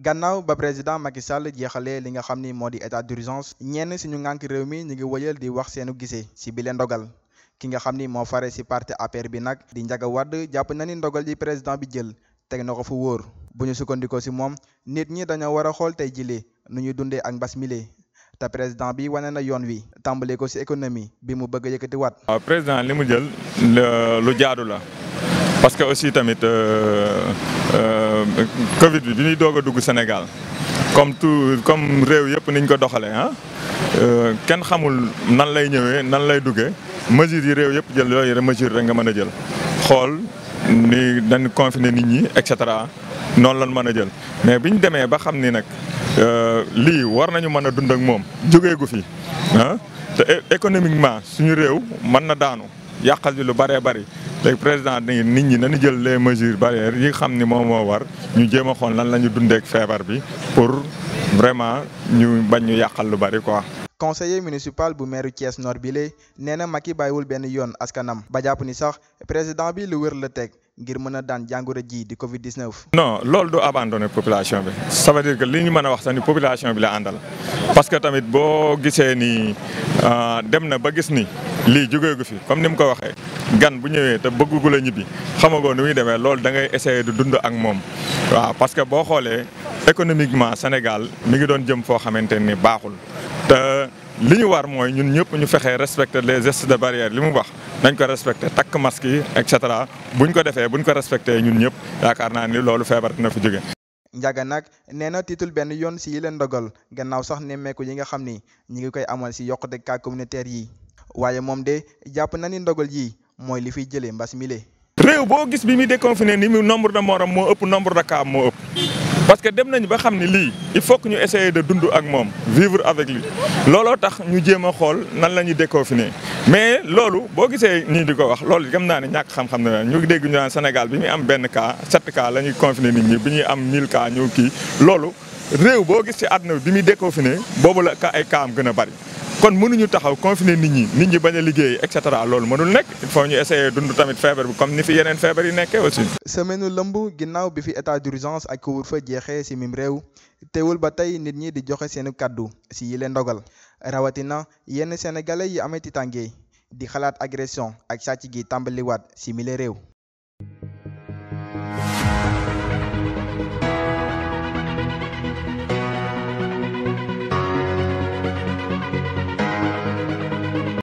gannaaw ba président Macky Sall jeexalee li nga xam ni moo di état d'urgence ñenn suñu ngànk réew mi ñu ngi wëyal di wax seenu gisee ci bile ndogal ki nga xam ni moo fare ci parti APR bi nag di Ndiaga wadd jàpp na ni ndogal yi président bi jël teg na ko fu wóor bu ñu sukkandikoo ci moom nit ñi dañoo war a xool tey jile nu ñuy dundee ak mbas mile te président bi wane na yoon wi tàmbalee ko ci économie bi mu bëgg yëkkati waat. président li mu jël lu jaadu la. parce que aussi tamit euh, euh, Covid bi bi muy doog a dugg Sénégal comme tout comme réew yëpp niñ ko doxalee ah euh, kenn xamul nan lay ñëwee nan lay duggee mesures yi réew yëpp jël yooyu mesure rek nga mën a jël xool ni dañ confiner nit ñi et cetera noonu lañ mën a jël mais bi ñu demee ba xam ni nag lii war nañu mën a dund ak moom jógee gu fi ah te économiquement suñu réew mën na daanu yàqal bi lu bëree bari léegi président nit ñi nañu jël lee mesures barrières yi nga xam ni moom moo war ñu jéem a xool lan la dundeek feebar bi pour vraiment ñu bañ ñu yàqal lu bari quoi. conseiller municipal bu maire cees Nord bi lee nee na Macky bàyyiwul benn yoon askanam ba jàpp ni sax président bi lu wër la teg ngir mën a daan jàngoro ji di Covid 19. non loolu du abandonné population bi ça veut dire que li ñu mën a wax sax ni population bi la àndal parce que tamit boo gisee ni euh, dem na ba gis ni. lii jógee gu fi comme ni mu ko waxee gan bu ñëwee te bëgg gu la ñibbi xamagoo ni muy demee loolu dangay ngay essayer di dund ak moom. waaw parce que boo xoolee économiquement Sénégal mi ngi doon jëm foo xamante ni baaxul te li ñu war mooy ñun ñëpp ñu fexe respecter les gestes de barrière li mu wax nañ ko respecter takk maski yi et cetera buñ ko defee buñ ko respecter ñun ñëpp yaakaar naa ni loolu feebar dina fi jóge. Ndiaga nag nee na tiitul benn yoon si yi leen ndogal gannaaw sax nemmeeku yi nga xam ni ñi ngi koy amal si yokkute cas communautaire yi. waaye moom de jàpp na ni ndogal yi mooy li fiy jëlee mbas mi réew boo gis bi muy déconfiné ni mu nombre de morom moo ëpp nombre de cas moo ëpp parce que dem nañu ba xam ne lii il faut ñu essayer de dund ak moom vivre avec lui looloo tax ñu jéem a xool nan la ñuy déconfiné mais loolu boo gisee nii di ko wax loolu gëm naa ne ñàkk xam-xam na ñu dégg ñu naan Sénégal bi muy am benn cas sept cas la ñuy confiné nit ñi bi ñuy am mille cas ñëw kii loolu réew boo gis ci àdduna bi bi muy boobu la ay cas gën a bari kon mënuñu taxaw confiner nit ñi nit ñi bañ a liggéey et cetera loolu mënul nekk il faut ñu essayer dund tamit feebar bi comme ni fi yeneen feebar yi nekkee aussi. semaine lëmb ginnaaw bi fi état d'urgence ak couvre-feu jeexee ci mim réew teewul ba tey nit ñi di joxe seenu kàddu ci yile ndogal rawatina yenn sénégalais yi amee titange di xalaat agression ak sàcc gi tàmbaliwaat ci mile réew.